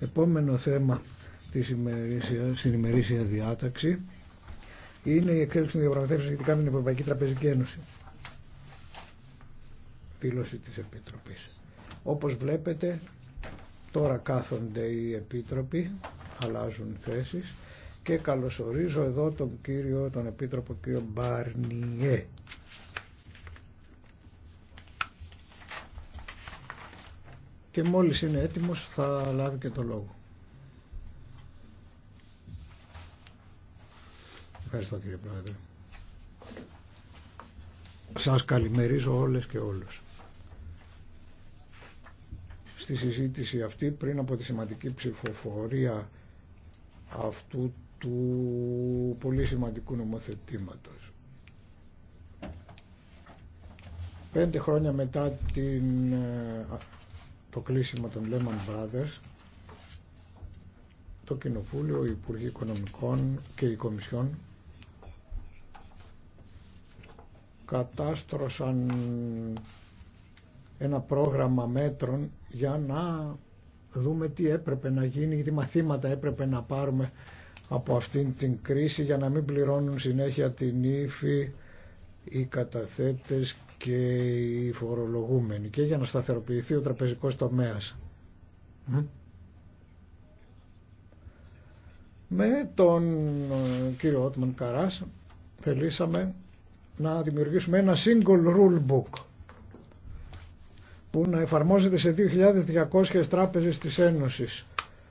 Επόμενο θέμα της ημερήσια, στην διάταξη είναι η εξέλιξη των διαπραγματεύσεων σχετικά με την Ευρωπαϊκή Τραπεζική Ένωση. Δήλωση της Επιτροπής. Όπως βλέπετε τώρα κάθονται οι Επίτροποι, αλλάζουν θέσεις και καλωσορίζω εδώ τον κύριο, τον Επίτροπο κύριο Μπαρνιέ. και μόλις είναι έτοιμος θα λάβει και το λόγο. Ευχαριστώ κύριε Πρόεδρε. Σας καλημερίζω όλες και όλους. Στη συζήτηση αυτή πριν από τη σημαντική ψηφοφορία αυτού του πολύ σημαντικού νομοθετήματος. Πέντε χρόνια μετά την ε, το κλείσιμο των Lehman Brothers το Κοινοβούλιο, οι Υπουργοί Οικονομικών και η Κομισιόν κατάστρωσαν ένα πρόγραμμα μέτρων για να δούμε τι έπρεπε να γίνει, τι μαθήματα έπρεπε να πάρουμε από αυτήν την κρίση για να μην πληρώνουν συνέχεια την ύφη οι καταθέτες και οι φορολογούμενοι και για να σταθεροποιηθεί ο τραπεζικός τομέας. Με τον ε, κύριο Ότμαν Καράς θελήσαμε να δημιουργήσουμε ένα single rule book που να εφαρμόζεται σε 2.200 τράπεζες της Ένωσης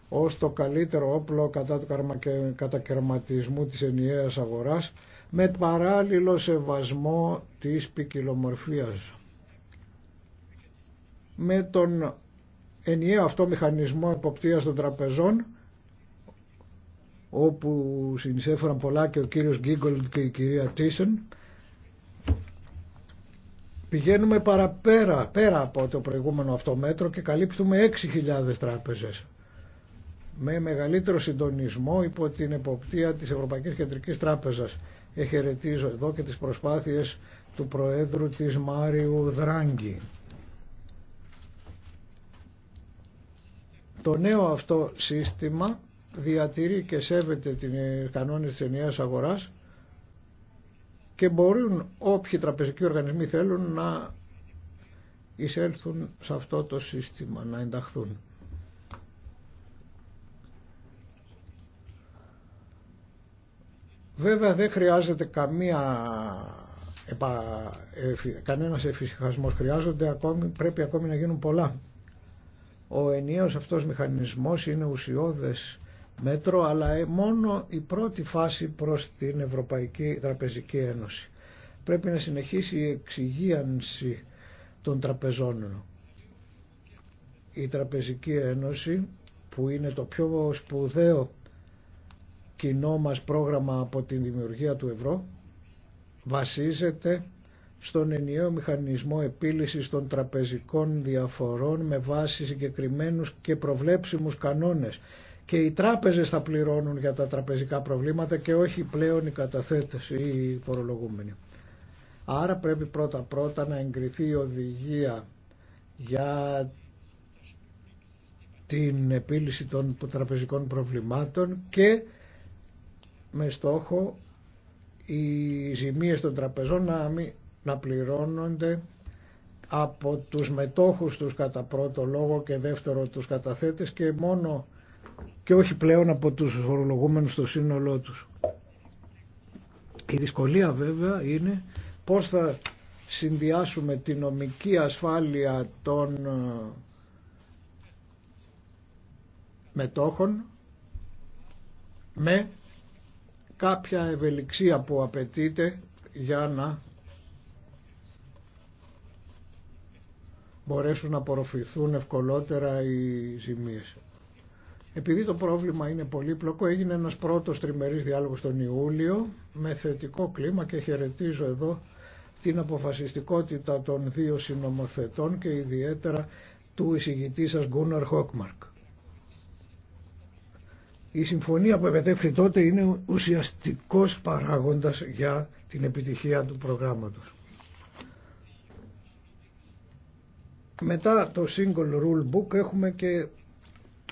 ως το καλύτερο όπλο κατά του κατακαιρματισμού της ενιαίας αγοράς με παράλληλο σεβασμό της ποικιλομορφία. Με τον ενιαίο αυτό μηχανισμό εποπτείας των τραπεζών όπου συνεισέφεραν πολλά και ο κύριος Γκίγκολντ και η κυρία Τίσεν πηγαίνουμε παραπέρα πέρα από το προηγούμενο αυτό μέτρο και καλύπτουμε 6.000 τράπεζες με μεγαλύτερο συντονισμό υπό την εποπτεία της Ευρωπαϊκής Κεντρικής Τράπεζας Εχαιρετίζω εδώ και τις προσπάθειες του Προέδρου της Μάριου Δράγκη. Το νέο αυτό σύστημα διατηρεί και σέβεται την κανόνες της ενιαίας αγοράς και μπορούν όποιοι τραπεζικοί οργανισμοί θέλουν να εισέλθουν σε αυτό το σύστημα, να ενταχθούν. Βέβαια δεν χρειάζεται καμία επα, κανένας εφησυχασμός χρειάζονται ακόμη, πρέπει ακόμη να γίνουν πολλά ο ενιαίος αυτός μηχανισμός είναι ουσιώδες μέτρο αλλά ε, μόνο η πρώτη φάση προς την Ευρωπαϊκή Τραπεζική Ένωση πρέπει να συνεχίσει η εξυγίανση των τραπεζών η Τραπεζική Ένωση που είναι το πιο σπουδαίο κοινό μας πρόγραμμα από την δημιουργία του ευρώ βασίζεται στον ενιαίο μηχανισμό επίλυσης των τραπεζικών διαφορών με βάση συγκεκριμένους και προβλέψιμους κανόνες και οι τράπεζες θα πληρώνουν για τα τραπεζικά προβλήματα και όχι πλέον οι καταθέτες ή οι φορολογούμενοι. Άρα πρέπει πρώτα πρώτα να εγκριθεί η οδηγία για την επίλυση των τραπεζικών προβλημάτων και με στόχο οι ζημίες των τραπεζών να, πληρώνονται από τους μετόχους τους κατά πρώτο λόγο και δεύτερο τους καταθέτες και μόνο και όχι πλέον από τους φορολογούμενους στο σύνολό τους. Η δυσκολία βέβαια είναι πώς θα συνδυάσουμε τη νομική ασφάλεια των ε, μετόχων με κάποια ευελιξία που απαιτείται για να μπορέσουν να απορροφηθούν ευκολότερα οι ζημίες. Επειδή το πρόβλημα είναι πολύπλοκο, έγινε ένας πρώτος τριμερής διάλογος τον Ιούλιο με θετικό κλίμα και χαιρετίζω εδώ την αποφασιστικότητα των δύο συνομοθετών και ιδιαίτερα του εισηγητή σας Γκούναρ Χόκμαρκ. Η συμφωνία που επετέχθη τότε είναι ουσιαστικός παράγοντας για την επιτυχία του προγράμματος. Μετά το Single Rule Book έχουμε και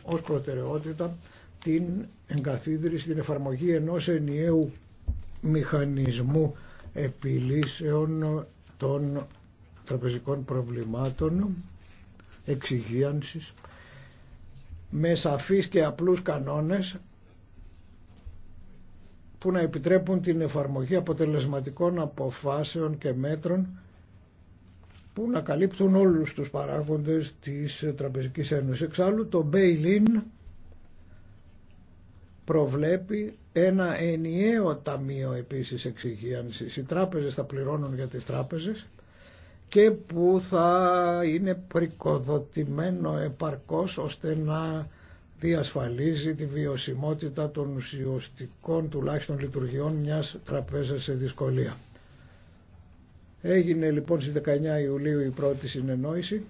ως προτεραιότητα την εγκαθίδρυση, την εφαρμογή ενός ενιαίου μηχανισμού επιλύσεων των τραπεζικών προβλημάτων, εξυγίανσης με σαφείς και απλούς κανόνες που να επιτρέπουν την εφαρμογή αποτελεσματικών αποφάσεων και μέτρων που να καλύπτουν όλους τους παράγοντες της Τραπεζικής Ένωσης. Εξάλλου το bail προβλέπει ένα ενιαίο ταμείο επίσης εξυγίανσης. Οι τράπεζες θα πληρώνουν για τις τράπεζες και που θα είναι πρικοδοτημένο επαρκώς ώστε να διασφαλίζει τη βιωσιμότητα των ουσιαστικών τουλάχιστον λειτουργιών μιας τραπέζας σε δυσκολία. Έγινε λοιπόν στις 19 Ιουλίου η πρώτη συνεννόηση.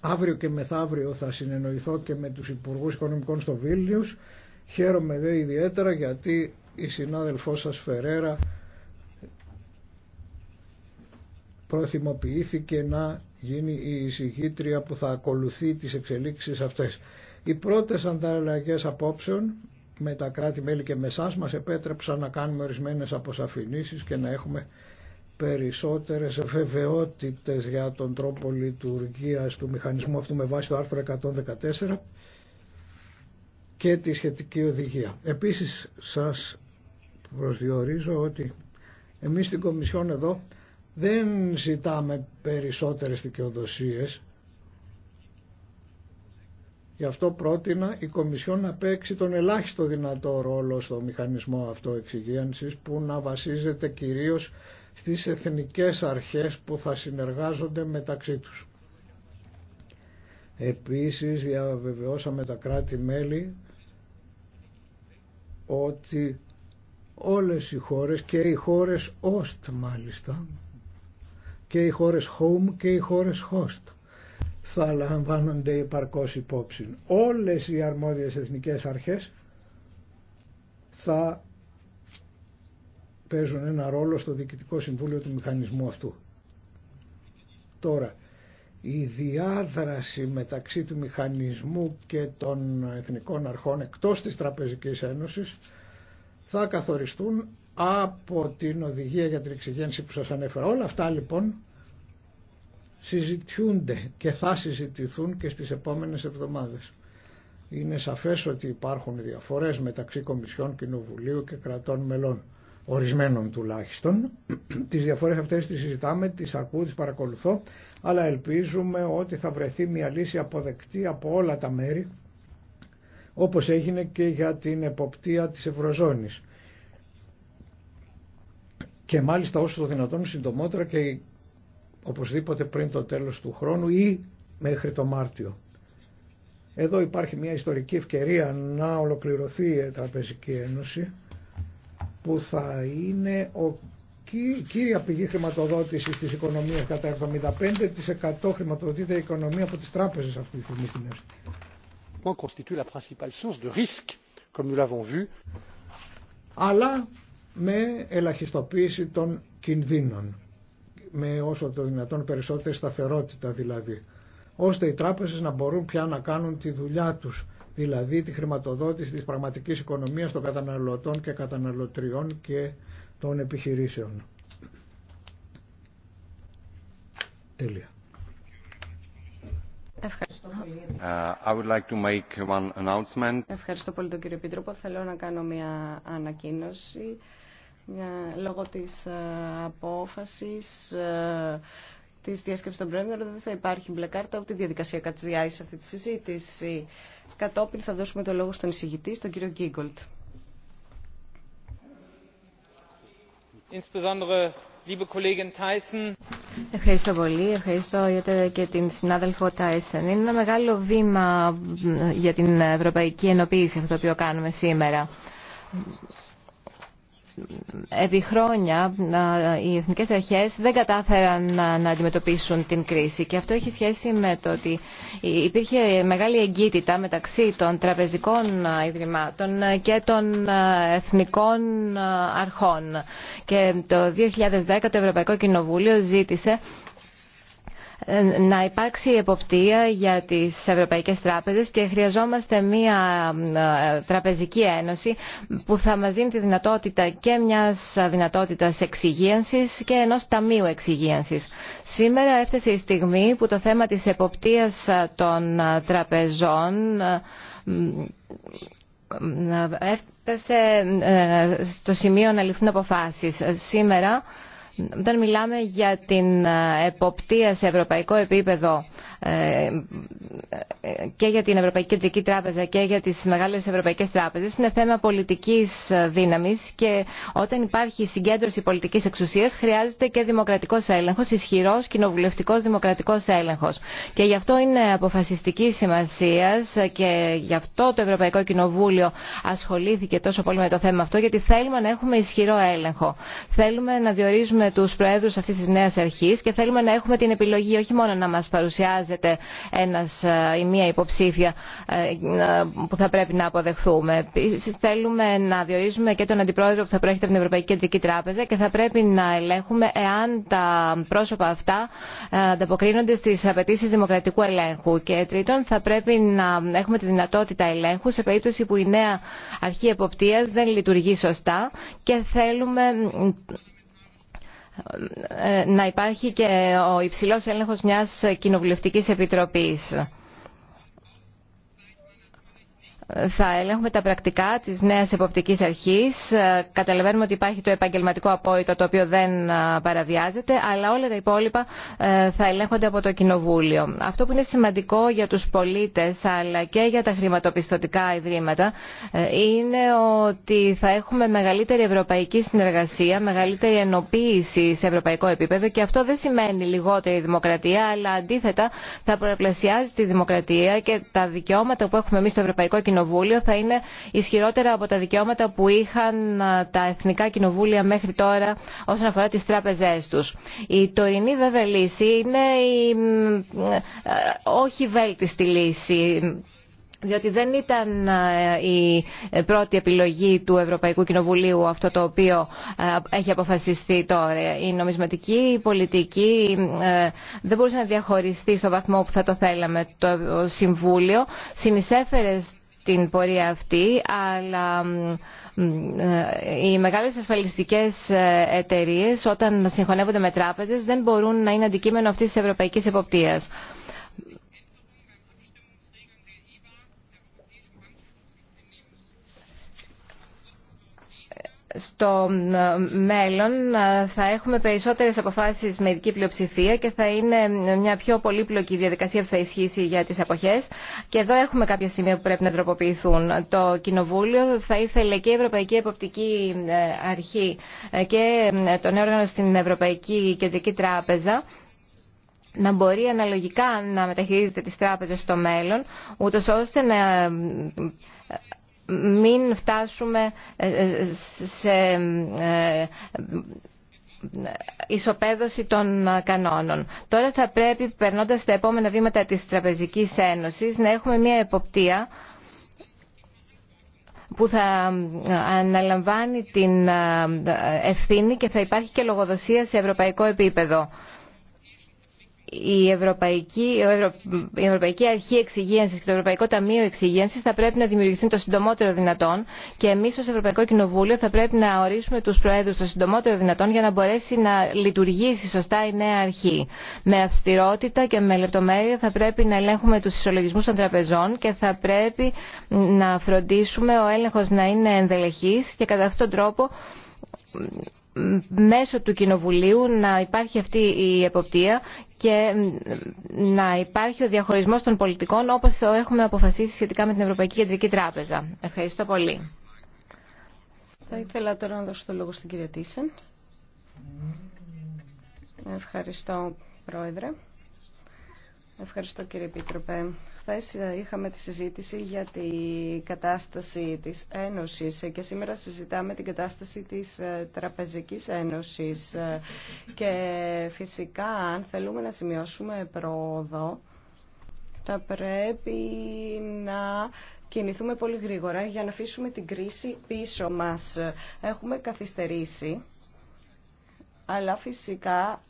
Αύριο και μεθαύριο θα συνεννοηθώ και με τους Υπουργούς Οικονομικών στο Βίλνιους. Χαίρομαι δε ιδιαίτερα γιατί η συνάδελφός σας Φερέρα προθυμοποιήθηκε να γίνει η εισηγήτρια που θα ακολουθεί τις εξελίξεις αυτές. Οι πρώτες ανταλλαγές απόψεων με τα κράτη-μέλη και με εσάς μας επέτρεψαν να κάνουμε ορισμένες αποσαφηνήσεις και να έχουμε περισσότερες βεβαιότητες για τον τρόπο λειτουργίας του μηχανισμού αυτού με βάση το άρθρο 114 και τη σχετική οδηγία. Επίσης σας προσδιορίζω ότι εμείς στην Κομισιόν εδώ δεν ζητάμε περισσότερες δικαιοδοσίε. Γι' αυτό πρότεινα η Κομισιόν να παίξει τον ελάχιστο δυνατό ρόλο στο μηχανισμό αυτό εξυγίανσης που να βασίζεται κυρίως στις εθνικές αρχές που θα συνεργάζονται μεταξύ τους. Επίσης διαβεβαιώσαμε τα κράτη-μέλη ότι όλες οι χώρες και οι χώρες ΟΣΤ μάλιστα και οι χώρες home και οι χώρες host θα λαμβάνονται επαρκώς υπόψη. Όλες οι αρμόδιες εθνικές αρχές θα παίζουν ένα ρόλο στο Διοικητικό Συμβούλιο του Μηχανισμού αυτού. Τώρα, η διάδραση μεταξύ του μηχανισμού και των εθνικών αρχών εκτός της Τραπεζικής Ένωσης θα καθοριστούν από την οδηγία για την εξηγένση που σας ανέφερα. Όλα αυτά λοιπόν συζητιούνται και θα συζητηθούν και στις επόμενες εβδομάδες. Είναι σαφές ότι υπάρχουν διαφορές μεταξύ Κομισιών Κοινοβουλίου και κρατών μελών, ορισμένων τουλάχιστον. τις διαφορές αυτές τις συζητάμε, τις ακούω, τις παρακολουθώ, αλλά ελπίζουμε ότι θα βρεθεί μια λύση αποδεκτή από όλα τα μέρη, όπως έγινε και για την εποπτεία της Ευρωζώνης και μάλιστα όσο το δυνατόν συντομότερα και οπωσδήποτε πριν το τέλος του χρόνου ή μέχρι το Μάρτιο. Εδώ υπάρχει μια ιστορική ευκαιρία να ολοκληρωθεί η Τραπεζική Ένωση που θα είναι ο η κύρια πηγή χρηματοδότησης της οικονομίας κατά 75% χρηματοδοτείται η οικονομία από τις τράπεζες αυτή τη στιγμή στην Αλλά με ελαχιστοποίηση των κινδύνων, με όσο το δυνατόν περισσότερη σταθερότητα δηλαδή, ώστε οι τράπεζες να μπορούν πια να κάνουν τη δουλειά τους, δηλαδή τη χρηματοδότηση της πραγματικής οικονομίας των καταναλωτών και καταναλωτριών και των επιχειρήσεων. Τέλεια. Ευχαριστώ πολύ. Uh, I would like to make one announcement. Ευχαριστώ πολύ τον κύριο Επίτροπο. Θέλω να κάνω μια ανακοίνωση λόγω της ε, απόφασης ε, τη διάσκεψη των Πρέμιων δεν θα υπάρχει μπλε κάρτα ούτε διαδικασία κατσιάη σε αυτή τη συζήτηση. Κατόπιν θα δώσουμε το λόγο στον εισηγητή, στον κύριο Γκίγκολτ. Ευχαριστώ πολύ. Ευχαριστώ και την συνάδελφο Τάισεν. Είναι ένα μεγάλο βήμα για την ευρωπαϊκή ενοποίηση αυτό το οποίο κάνουμε σήμερα επί χρόνια οι εθνικές αρχές δεν κατάφεραν να, να αντιμετωπίσουν την κρίση και αυτό έχει σχέση με το ότι υπήρχε μεγάλη εγκύτητα μεταξύ των τραπεζικών ιδρυμάτων και των εθνικών αρχών και το 2010 το Ευρωπαϊκό Κοινοβούλιο ζήτησε να υπάρξει εποπτεία για τις ευρωπαϊκές τράπεζες και χρειαζόμαστε μια τραπεζική ένωση που θα μας δίνει τη δυνατότητα και μιας δυνατότητας εξυγίανσης και ενός ταμείου εξυγίανσης. Σήμερα έφτασε η στιγμή που το θέμα της εποπτείας των τραπεζών έφτασε στο σημείο να ληφθούν αποφάσεις. Σήμερα όταν μιλάμε για την ε, εποπτεία σε ευρωπαϊκό επίπεδο ε, και για την Ευρωπαϊκή Κεντρική Τράπεζα και για τις μεγάλες ευρωπαϊκές τράπεζες είναι θέμα πολιτικής δύναμης και όταν υπάρχει συγκέντρωση πολιτικής εξουσίας χρειάζεται και δημοκρατικός έλεγχος, ισχυρός κοινοβουλευτικός δημοκρατικός έλεγχος. Και γι' αυτό είναι αποφασιστική σημασία και γι' αυτό το Ευρωπαϊκό Κοινοβούλιο ασχολήθηκε τόσο πολύ με το θέμα αυτό γιατί θέλουμε να έχουμε ισχυρό έλεγχο. Θέλουμε να διορίζουμε τους προέδρους αυτής της νέας αρχής και θέλουμε να έχουμε την επιλογή όχι μόνο να μας παρουσιάζει χρειάζεται ένας ή ε, μία υποψήφια ε, ε, που θα πρέπει να αποδεχθούμε. Θέλουμε να διορίζουμε και τον αντιπρόεδρο που θα προέρχεται από την Ευρωπαϊκή Κεντρική Τράπεζα και θα πρέπει να ελέγχουμε εάν τα πρόσωπα αυτά ανταποκρίνονται στις απαιτήσει δημοκρατικού ελέγχου. Και τρίτον, θα πρέπει να έχουμε τη δυνατότητα ελέγχου σε περίπτωση που η νέα αρχή εποπτείας δεν λειτουργεί σωστά και θέλουμε ε, να υπάρχει και ο υψηλός έλεγχος μιας κοινοβουλευτικής επιτροπής θα ελέγχουμε τα πρακτικά της νέας εποπτικής αρχής. Ε, καταλαβαίνουμε ότι υπάρχει το επαγγελματικό απόϊτο το οποίο δεν ε, παραβιάζεται, αλλά όλα τα υπόλοιπα ε, θα ελέγχονται από το Κοινοβούλιο. Αυτό που είναι σημαντικό για τους πολίτες αλλά και για τα χρηματοπιστωτικά ιδρύματα είναι ότι θα έχουμε μεγαλύτερη ευρωπαϊκή συνεργασία, μεγαλύτερη ενοποίηση σε ευρωπαϊκό επίπεδο και αυτό δεν σημαίνει λιγότερη δημοκρατία, αλλά αντίθετα θα προεπλασιάζει τη δημοκρατία και τα δικαιώματα που έχουμε εμείς στο Ευρωπαϊκό Κοινοβούλιο Κοινοβούλιο θα είναι ισχυρότερα από τα δικαιώματα που είχαν ε, τα εθνικά κοινοβούλια μέχρι τώρα όσον αφορά τις τράπεζές τους. Η τωρινή βέβαια λύση είναι η ε, όχι βέλτιστη λύση διότι δεν ήταν ε, η πρώτη επιλογή του Ευρωπαϊκού Κοινοβουλίου αυτό το οποίο έχει αποφασιστεί τώρα. Η νομισματική πολιτική δεν μπορούσε να διαχωριστεί στο βαθμό που θα το θέλαμε. Το Συμβούλιο συνεισέφερε την πορεία αυτή, αλλά ε, οι μεγάλες ασφαλιστικές ε, εταιρείες όταν συγχωνεύονται με τράπεζες δεν μπορούν να είναι αντικείμενο αυτής της ευρωπαϊκής εποπτείας. στο ε, μέλλον ε, θα έχουμε περισσότερες αποφάσεις με ειδική πλειοψηφία και θα είναι μια πιο πολύπλοκη διαδικασία που θα ισχύσει για τις αποχές. Και εδώ έχουμε κάποια σημεία που πρέπει να τροποποιηθούν. Το Κοινοβούλιο θα ήθελε και η Ευρωπαϊκή Εποπτική ε, Αρχή και το νέο όργανο στην Ευρωπαϊκή Κεντρική Τράπεζα να μπορεί αναλογικά να μεταχειρίζεται τις τράπεζες στο μέλλον, ούτως ώστε να μην φτάσουμε ε, ε, σε ε, ισοπαίδωση των κανόνων. Τώρα θα πρέπει, περνώντας τα επόμενα βήματα της Τραπεζικής Ένωσης, να έχουμε μια εποπτεία που θα αναλαμβάνει την ευθύνη και θα υπάρχει και λογοδοσία σε ευρωπαϊκό επίπεδο η Ευρωπαϊκή, η Ευρωπαϊκή Αρχή Εξυγίανση και το Ευρωπαϊκό Ταμείο Εξυγίανση θα πρέπει να δημιουργηθούν το συντομότερο δυνατόν και εμεί, ω Ευρωπαϊκό Κοινοβούλιο θα πρέπει να ορίσουμε του προέδρου το συντομότερο δυνατόν για να μπορέσει να λειτουργήσει σωστά η νέα αρχή. Με αυστηρότητα και με λεπτομέρεια θα πρέπει να ελέγχουμε του ισολογισμού των τραπεζών και θα πρέπει να φροντίσουμε ο έλεγχο να είναι ενδελεχής και κατά αυτόν τρόπο μέσω του Κοινοβουλίου να υπάρχει αυτή η εποπτεία και να υπάρχει ο διαχωρισμός των πολιτικών όπως το έχουμε αποφασίσει σχετικά με την Ευρωπαϊκή Κεντρική Τράπεζα. Ευχαριστώ πολύ. Θα ήθελα τώρα να δώσω το λόγο στην κυρία Τίσεν. Ευχαριστώ, Πρόεδρε. Ευχαριστώ κύριε Επίτροπε. Χθε ε, είχαμε τη συζήτηση για την κατάσταση της Ένωσης ε, και σήμερα συζητάμε την κατάσταση της ε, Τραπεζικής Ένωσης. Και φυσικά αν θέλουμε να σημειώσουμε πρόοδο θα πρέπει να κινηθούμε πολύ γρήγορα για να αφήσουμε την κρίση πίσω μας. Έχουμε καθυστερήσει αλλά φυσικά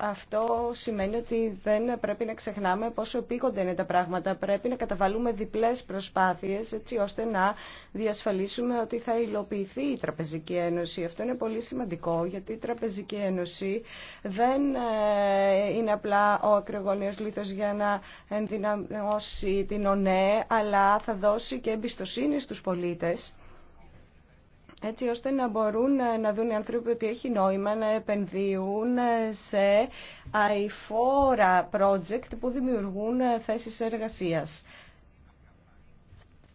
αυτό σημαίνει ότι δεν πρέπει να ξεχνάμε πόσο επίγονται είναι τα πράγματα. Πρέπει να καταβαλούμε διπλές προσπάθειες έτσι ώστε να διασφαλίσουμε ότι θα υλοποιηθεί η Τραπεζική Ένωση. Αυτό είναι πολύ σημαντικό γιατί η Τραπεζική Ένωση δεν ε, είναι απλά ο ακρογωνίος λίθος για να ενδυναμώσει την ΟΝΕ αλλά θα δώσει και εμπιστοσύνη στους πολίτες έτσι ώστε να μπορούν ε, να δουν οι άνθρωποι ότι έχει νόημα να επενδύουν ε, σε αηφόρα project που δημιουργούν ε, θέσεις εργασίας.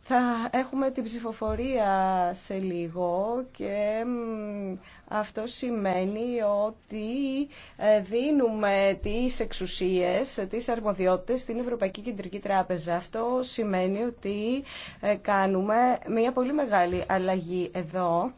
Θα έχουμε την ψηφοφορία σε λίγο και αυτό σημαίνει ότι ε, δίνουμε τις εξουσίες, τις αρμοδιότητες στην Ευρωπαϊκή Κεντρική Τράπεζα. Αυτό σημαίνει ότι ε, κάνουμε μια πολύ μεγάλη αλλαγή εδώ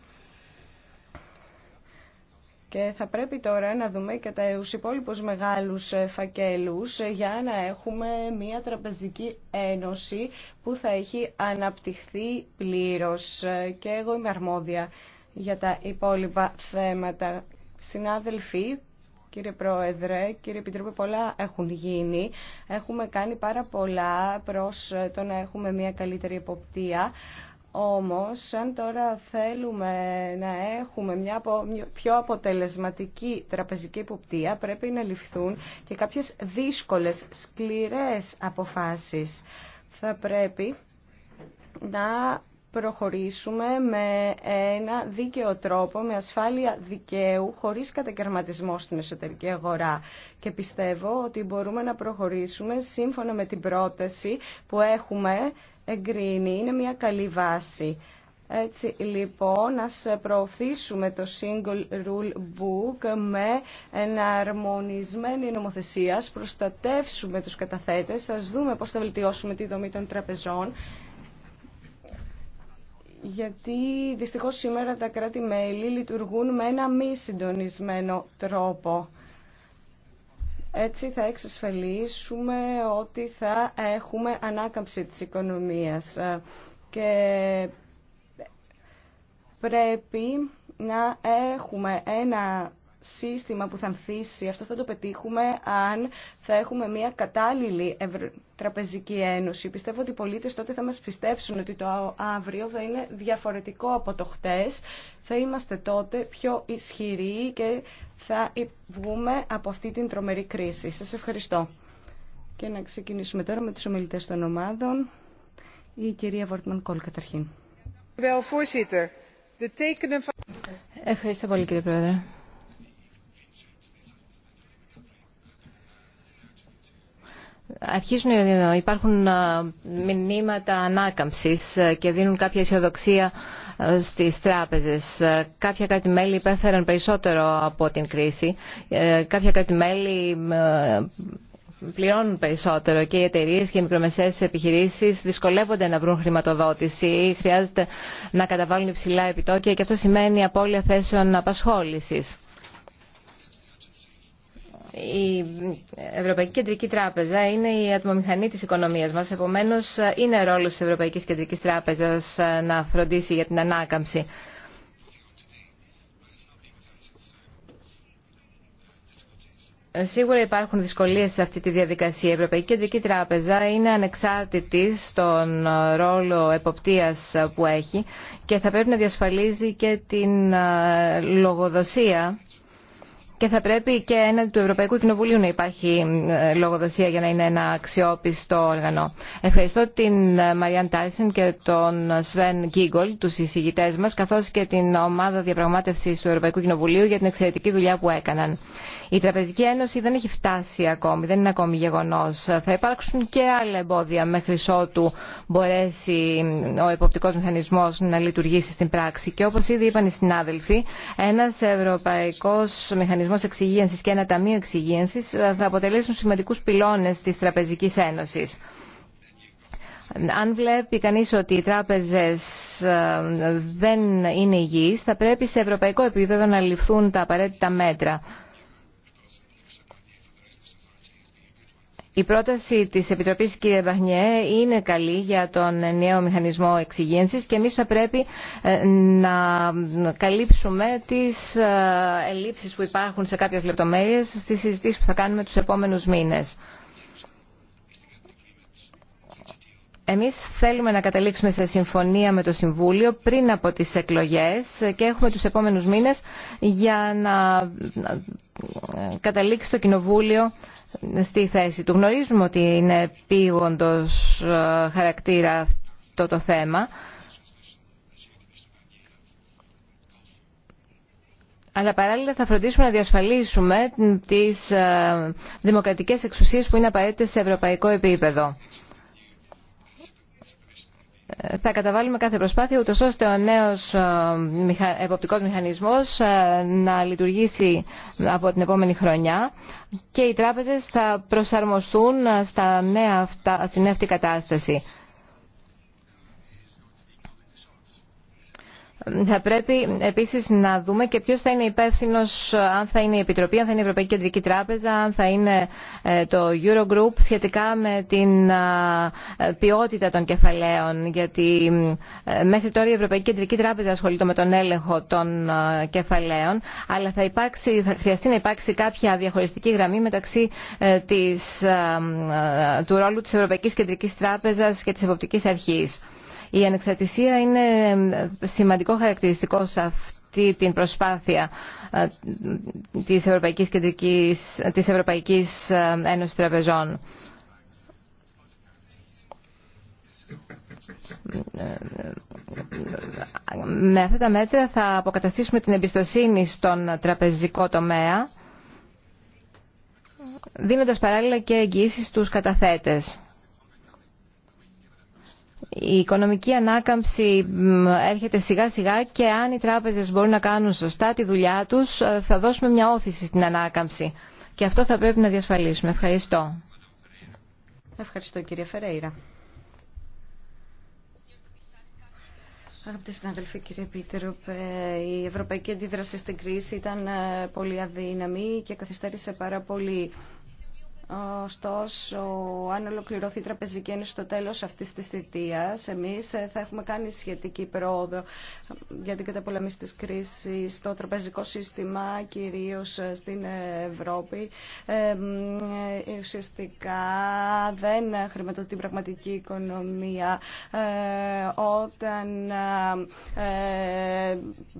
και θα πρέπει τώρα να δούμε και τους υπόλοιπους μεγάλους ε, φακέλους ε, για να έχουμε μια τραπεζική ένωση που θα έχει αναπτυχθεί πλήρως. Ε, και εγώ είμαι αρμόδια για τα υπόλοιπα θέματα. Συνάδελφοι, κύριε Πρόεδρε, κύριε Επιτρόπε, πολλά έχουν γίνει. Έχουμε κάνει πάρα πολλά προς το να έχουμε μια καλύτερη εποπτεία, όμως, αν τώρα θέλουμε να έχουμε μια πιο αποτελεσματική τραπεζική υποπτία, πρέπει να ληφθούν και κάποιες δύσκολες, σκληρές αποφάσεις. Θα πρέπει να προχωρήσουμε με ένα δίκαιο τρόπο, με ασφάλεια δικαίου, χωρίς κατακαιρματισμό στην εσωτερική αγορά. Και πιστεύω ότι μπορούμε να προχωρήσουμε σύμφωνα με την πρόταση που έχουμε εγκρίνει. Είναι μια καλή βάση. Έτσι λοιπόν, ας προωθήσουμε το Single Rule Book με εναρμονισμένη νομοθεσία, προστατεύσουμε τους καταθέτες, ας δούμε πώς θα βελτιώσουμε τη δομή των τραπεζών, γιατί δυστυχώς σήμερα τα κράτη-μέλη λειτουργούν με ένα μη συντονισμένο τρόπο. Έτσι θα εξασφαλίσουμε ότι θα έχουμε ανάκαμψη της οικονομίας και πρέπει να έχουμε ένα σύστημα που θα ανθίσει. Αυτό θα το πετύχουμε αν θα έχουμε μια κατάλληλη τραπεζική ένωση. Πιστεύω ότι οι πολίτες τότε θα μας πιστέψουν ότι το αύριο θα είναι διαφορετικό από το χτες. Θα είμαστε τότε πιο ισχυροί και θα βγούμε από αυτή την τρομερή κρίση. Σας ευχαριστώ. Και να ξεκινήσουμε τώρα με τους ομιλητές των ομάδων. Η κυρία Βορτμαν Κόλ καταρχήν. Ευχαριστώ πολύ κύριε Πρόεδρε. αρχίζουν, ε, υπάρχουν ε, μηνύματα ανάκαμψης ε, και δίνουν κάποια αισιοδοξία στις τράπεζες. Κάποια κράτη-μέλη υπέφεραν περισσότερο από την κρίση. Κάποια κράτη-μέλη πληρώνουν περισσότερο και οι εταιρείε και οι μικρομεσαίε επιχειρήσει δυσκολεύονται να βρουν χρηματοδότηση ή χρειάζεται να καταβάλουν υψηλά επιτόκια και αυτό σημαίνει απώλεια θέσεων απασχόληση. Η Ευρωπαϊκή Κεντρική Τράπεζα είναι η ατμομηχανή της οικονομίας μας, επομένως είναι ρόλος της Ευρωπαϊκής Κεντρικής Τράπεζας ε, να φροντίσει για την ανάκαμψη. Ε, σίγουρα υπάρχουν δυσκολίες σε αυτή τη διαδικασία. Η Ευρωπαϊκή Κεντρική Τράπεζα είναι ανεξάρτητη στον ρόλο εποπτείας που έχει και θα πρέπει να διασφαλίζει και την ε, λογοδοσία και θα πρέπει και έναντι του Ευρωπαϊκού Κοινοβουλίου να υπάρχει ε, λογοδοσία για να είναι ένα αξιόπιστο όργανο. Ευχαριστώ την ε, Μαριάν Τάισεν και τον Σβέν Γκίγκολ, του συζητητέ μα, καθώ και την ομάδα διαπραγμάτευση του Ευρωπαϊκού Κοινοβουλίου για την εξαιρετική δουλειά που έκαναν. Η Τραπεζική Ένωση δεν έχει φτάσει ακόμη, δεν είναι ακόμη γεγονό. Θα υπάρξουν και άλλα εμπόδια μέχρι ότου μπορέσει ε, ο εποπτικό μηχανισμό να λειτουργήσει στην πράξη. Και όπω ήδη είπαν οι συνάδελφοι, ένα ευρωπαϊκό μηχανισμό μηχανισμός εξυγίανσης και ένα ταμείο εξυγίανσης ε, θα αποτελέσουν σημαντικούς πυλώνες της Τραπεζικής Ένωσης. Αν βλέπει κανείς ότι οι τράπεζες ε, δεν είναι υγιείς, θα πρέπει σε ευρωπαϊκό επίπεδο να ληφθούν τα απαραίτητα μέτρα. Η πρόταση της Επιτροπής κύριε Μπαχνιέ είναι καλή για τον νέο μηχανισμό εξυγένσης και εμείς θα πρέπει ε, να καλύψουμε τις ε, ελλείψεις που υπάρχουν σε κάποιες λεπτομέρειες στις συζητήσει που θα κάνουμε τους επόμενους μήνες. Εμείς θέλουμε να καταλήξουμε σε συμφωνία με το Συμβούλιο πριν από τις εκλογές και έχουμε τους επόμενους μήνες για να ε, καταλήξει το Κοινοβούλιο στη θέση του. Γνωρίζουμε ότι είναι πήγοντος ε, χαρακτήρα αυτό το θέμα. αλλά παράλληλα θα φροντίσουμε να διασφαλίσουμε τις ε, δημοκρατικές εξουσίες που είναι απαραίτητες σε ευρωπαϊκό επίπεδο θα καταβάλουμε κάθε προσπάθεια ούτως ώστε ο νέος ε, εποπτικός μηχανισμός ε, να λειτουργήσει από την επόμενη χρονιά και οι τράπεζες θα προσαρμοστούν ε, στα νέα αυτά, στην αυτή κατάσταση. Θα πρέπει επίσης να δούμε και ποιο θα είναι υπεύθυνο, αν θα είναι η Επιτροπή, αν θα είναι η Ευρωπαϊκή Κεντρική Τράπεζα, αν θα είναι ε, το Eurogroup σχετικά με την ε, ποιότητα των κεφαλαίων. Γιατί ε, μέχρι τώρα η Ευρωπαϊκή Κεντρική Τράπεζα ασχολείται με τον έλεγχο των κεφαλαίων, αλλά θα, υπάρξει, θα χρειαστεί να υπάρξει κάποια διαχωριστική γραμμή μεταξύ της, του ρόλου τη Ευρωπαϊκή Κεντρική Τράπεζα και τη Εποπτικής Αρχή. Η ανεξαρτησία είναι σημαντικό χαρακτηριστικό σε αυτή την προσπάθεια ε, της Ευρωπαϊκής, Κεντρικής, της Ευρωπαϊκής ε, Ένωσης Τραπεζών. Με αυτά τα μέτρα θα αποκαταστήσουμε την εμπιστοσύνη στον τραπεζικό τομέα, δίνοντας παράλληλα και εγγυήσεις στους καταθέτες η οικονομική ανάκαμψη έρχεται σιγά σιγά και αν οι τράπεζες μπορούν να κάνουν σωστά τη δουλειά τους ε, θα δώσουμε μια όθηση στην ανάκαμψη. Και αυτό θα πρέπει να διασφαλίσουμε. Ευχαριστώ. Ευχαριστώ κύριε Φερέιρα. Αγαπητοί συναδελφοί, κύριε Πίτεροπε, η ευρωπαϊκή αντίδραση στην κρίση ήταν ε, πολύ αδύναμη και καθυστέρησε πάρα πολύ. Ωστόσο, αν ολοκληρωθεί η Τραπεζική Ένωση στο τέλο αυτή τη θητεία, εμεί ε, θα έχουμε κάνει σχετική πρόοδο για την καταπολέμηση τη κρίση στο τραπεζικό σύστημα, κυρίω ε, στην Ευρώπη. Ε, ουσιαστικά δεν χρηματοδοτεί την πραγματική οικονομία. όταν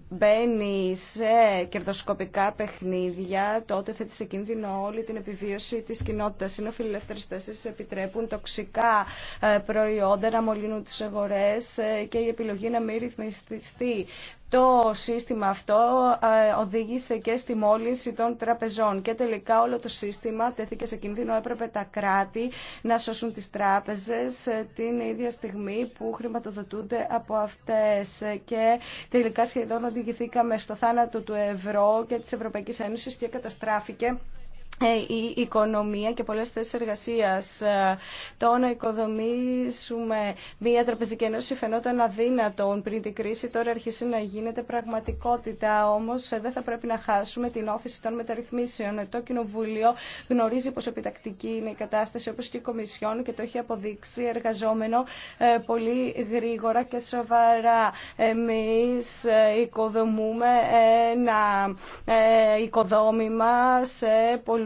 μπαίνει σε κερδοσκοπικά παιχνίδια, τότε θέτει σε κίνδυνο όλη την επιβίωση τη κοινωνία κοινότητα. Είναι φιλελεύθερε θέσει επιτρέπουν τοξικά ε, προϊόντα να μολύνουν τι αγορέ ε, και η επιλογή να μην ρυθμιστεί. Το σύστημα αυτό ε, οδήγησε και στη μόλυνση των τραπεζών και τελικά όλο το σύστημα τέθηκε σε κίνδυνο. Έπρεπε τα κράτη να σώσουν τις τράπεζες την ίδια στιγμή που χρηματοδοτούνται από αυτές και τελικά σχεδόν οδηγηθήκαμε στο θάνατο του ευρώ και της Ευρωπαϊκής Ένωσης και καταστράφηκε ε, η οικονομία και πολλές θέσεις εργασίας. Ε, το να οικοδομήσουμε μια τραπεζική ενώση φαινόταν αδύνατο πριν την κρίση, τώρα αρχίσει να γίνεται πραγματικότητα. Όμως ε, δεν θα πρέπει να χάσουμε την όφηση των μεταρρυθμίσεων. Το Κοινοβούλιο γνωρίζει πόσο επιτακτική είναι η κατάσταση, όπως και η Κομισιόν και το έχει αποδείξει εργαζόμενο πολύ γρήγορα και σοβαρά. Εμείς οικοδομούμε ένα οικοδόμημα σε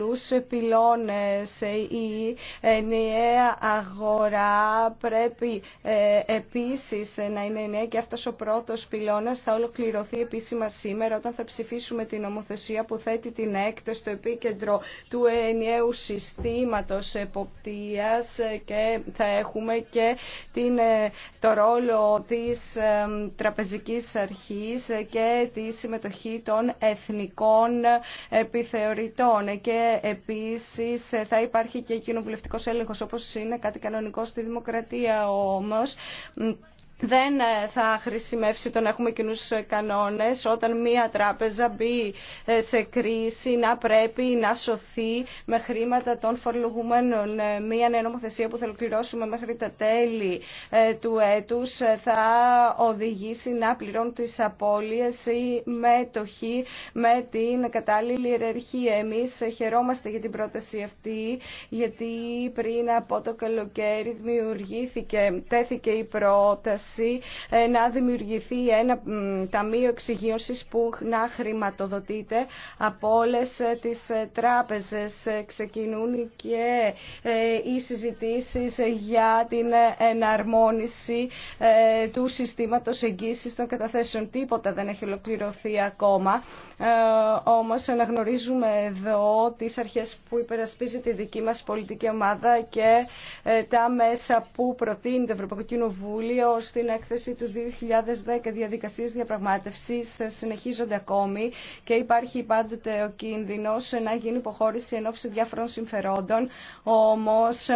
πολλούς πυλώνες. Η ενιαία αγορά πρέπει ε, επίσης να είναι ενιαία και αυτός ο πρώτος πυλώνας θα ολοκληρωθεί επίσημα σήμερα όταν θα ψηφίσουμε την νομοθεσία που θέτει την έκτα στο επίκεντρο του ενιαίου συστήματος εποπτείας και θα έχουμε και την, ε, το ρόλο της ε, τραπεζικής αρχής και τη συμμετοχή των εθνικών επιθεωρητών και επίσης θα υπάρχει και κοινοβουλευτικός έλεγχος όπως είναι κάτι κανονικό στη δημοκρατία όμως δεν ε, θα χρησιμεύσει το να έχουμε κοινού κανόνε όταν μία τράπεζα μπει ε, σε κρίση να πρέπει να σωθεί με χρήματα των φορολογουμένων. Ε, μία νέα νομοθεσία που θα ολοκληρώσουμε μέχρι τα τέλη του έτου θα οδηγήσει να πληρώνουν τι απώλειε ή μετοχή με την κατάλληλη ιεραρχία. Εμεί χαιρόμαστε για την πρόταση αυτή, γιατί πριν από το καλοκαίρι δημιουργήθηκε, τέθηκε η πρόταση ε, να δημιουργηθεί ένα ταμείο εξυγείωσης που να χρηματοδοτείται από όλες ε, τις ε, τράπεζες. Ξεκινούν και οι συζητήσεις για την εναρμόνιση του συστήματος εγγύησης των καταθέσεων. Τίποτα δεν έχει ολοκληρωθεί ακόμα, όμως αναγνωρίζουμε εδώ τις αρχές που υπερασπίζει τη δική μας πολιτική ομάδα και τα μέσα που προτείνει το Ευρωπαϊκό Κοινοβούλιο στην έκθεση του 2010 διαδικασίες διαπραγμάτευσης συνεχίζονται ακόμη και υπάρχει πάντοτε ο κίνδυνο να γίνει υποχώρηση ενώψη διάφορων συμφερόντων. Όμως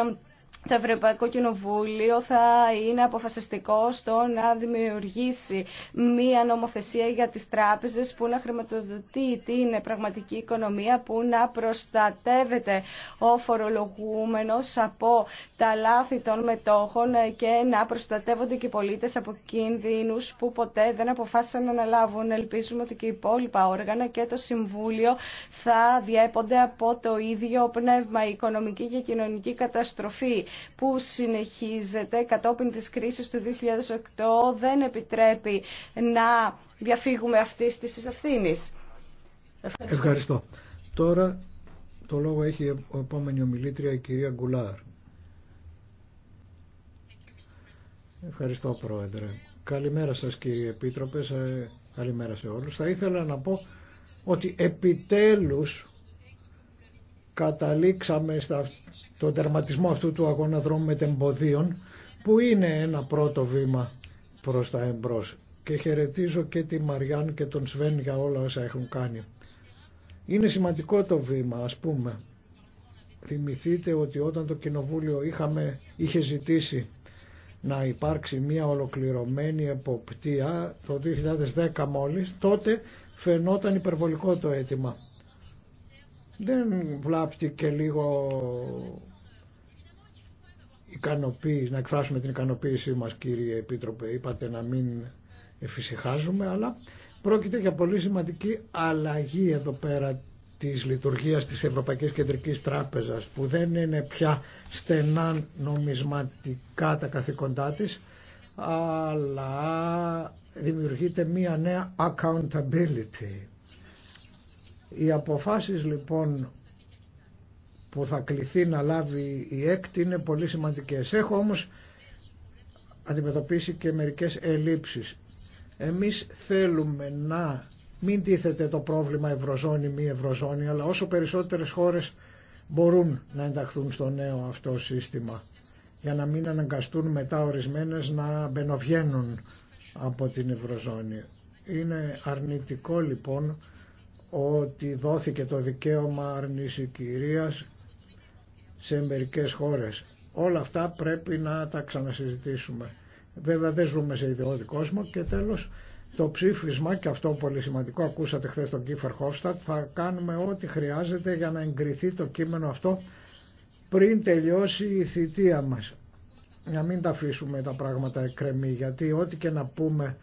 το Ευρωπαϊκό Κοινοβούλιο θα είναι αποφασιστικό στο να δημιουργήσει μία νομοθεσία για τις τράπεζες που να χρηματοδοτεί την πραγματική οικονομία, που να προστατεύεται ο φορολογούμενος από τα λάθη των μετόχων και να προστατεύονται και οι πολίτες από κίνδυνους που ποτέ δεν αποφάσισαν να αναλάβουν. Ελπίζουμε ότι και οι υπόλοιπα όργανα και το Συμβούλιο θα διέπονται από το ίδιο πνεύμα, οικονομική και κοινωνική καταστροφή που συνεχίζεται κατόπιν της κρίσης του 2008 δεν επιτρέπει να διαφύγουμε αυτή της ευθύνης. Ευχαριστώ. Τώρα το λόγο έχει η επόμενη ομιλήτρια η κυρία Γκουλάρ. Ευχαριστώ Πρόεδρε. Καλημέρα σας κύριε Επίτροπε, καλημέρα σε όλους. Θα ήθελα να πω ότι επιτέλους καταλήξαμε στον τερματισμό αυτού του αγώνα δρόμου τεμποδίων που είναι ένα πρώτο βήμα προς τα εμπρός και χαιρετίζω και τη Μαριάν και τον Σβέν για όλα όσα έχουν κάνει. Είναι σημαντικό το βήμα ας πούμε. Θυμηθείτε ότι όταν το Κοινοβούλιο είχαμε, είχε ζητήσει να υπάρξει μια ολοκληρωμένη εποπτεία το 2010 μόλις, τότε φαινόταν υπερβολικό το αίτημα δεν βλάπτει και λίγο ικανοποίηση, να εκφράσουμε την ικανοποίησή μας κύριε Επίτροπε, είπατε να μην εφησυχάζουμε, αλλά πρόκειται για πολύ σημαντική αλλαγή εδώ πέρα της λειτουργίας της Ευρωπαϊκής Κεντρικής Τράπεζας που δεν είναι πια στενά νομισματικά τα καθήκοντά της αλλά δημιουργείται μία νέα accountability οι αποφάσεις λοιπόν που θα κληθεί να λάβει η ΕΚΤ είναι πολύ σημαντικές. Έχω όμως αντιμετωπίσει και μερικές ελλείψεις. Εμείς θέλουμε να μην τίθεται το πρόβλημα ευρωζώνη μη ευρωζώνη, αλλά όσο περισσότερες χώρες μπορούν να ενταχθούν στο νέο αυτό σύστημα για να μην αναγκαστούν μετά ορισμένες να μπαινοβγαίνουν από την Ευρωζώνη. Είναι αρνητικό λοιπόν ότι δόθηκε το δικαίωμα άρνηση κυρίας σε μερικές χώρες. Όλα αυτά πρέπει να τα ξανασυζητήσουμε. Βέβαια δεν ζούμε σε ιδεώδη κόσμο και τέλος το ψήφισμα και αυτό πολύ σημαντικό ακούσατε χθες τον Κίφερ Χόφστατ θα κάνουμε ό,τι χρειάζεται για να εγκριθεί το κείμενο αυτό πριν τελειώσει η θητεία μας. Να μην τα αφήσουμε τα πράγματα εκκρεμή γιατί ό,τι και να πούμε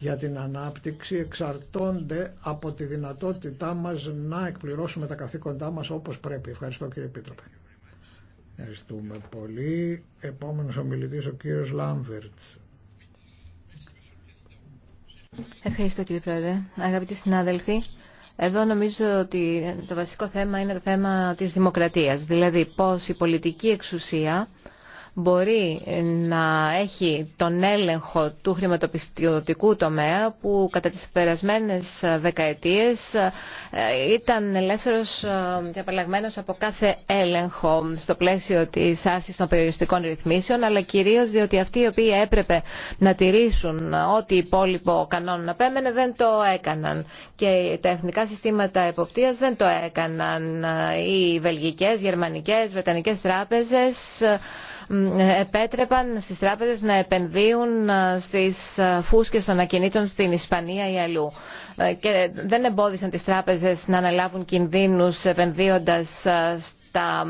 για την ανάπτυξη εξαρτώνται από τη δυνατότητά μας να εκπληρώσουμε τα καθήκοντά μας όπως πρέπει. Ευχαριστώ κύριε Επίτροπε. Ευχαριστούμε πολύ. Επόμενος ομιλητής ο κύριος Λάμβερτς. Ευχαριστώ κύριε Πρόεδρε. Αγαπητοί συνάδελφοι, εδώ νομίζω ότι το βασικό θέμα είναι το θέμα της δημοκρατίας, δηλαδή πώς η πολιτική εξουσία μπορεί να έχει τον έλεγχο του χρηματοπιστωτικού τομέα που κατά τις περασμένες ε, δεκαετίες ε, ήταν ελεύθερος ε, και απαλλαγμένος από κάθε έλεγχο στο πλαίσιο της άρσης των περιοριστικών ρυθμίσεων αλλά κυρίως διότι αυτοί οι οποίοι έπρεπε να τηρήσουν ό,τι υπόλοιπο κανόνων απέμενε δεν το έκαναν και τα εθνικά συστήματα εποπτείας δεν το έκαναν οι βελγικές, γερμανικές, βρετανικές τράπεζες επέτρεπαν στις τράπεζες να επενδύουν ε, στις ε, φούσκες των ακινήτων στην Ισπανία ή αλλού ε, και δεν εμπόδισαν τις τράπεζες να αναλάβουν κινδύνους επενδύοντας στα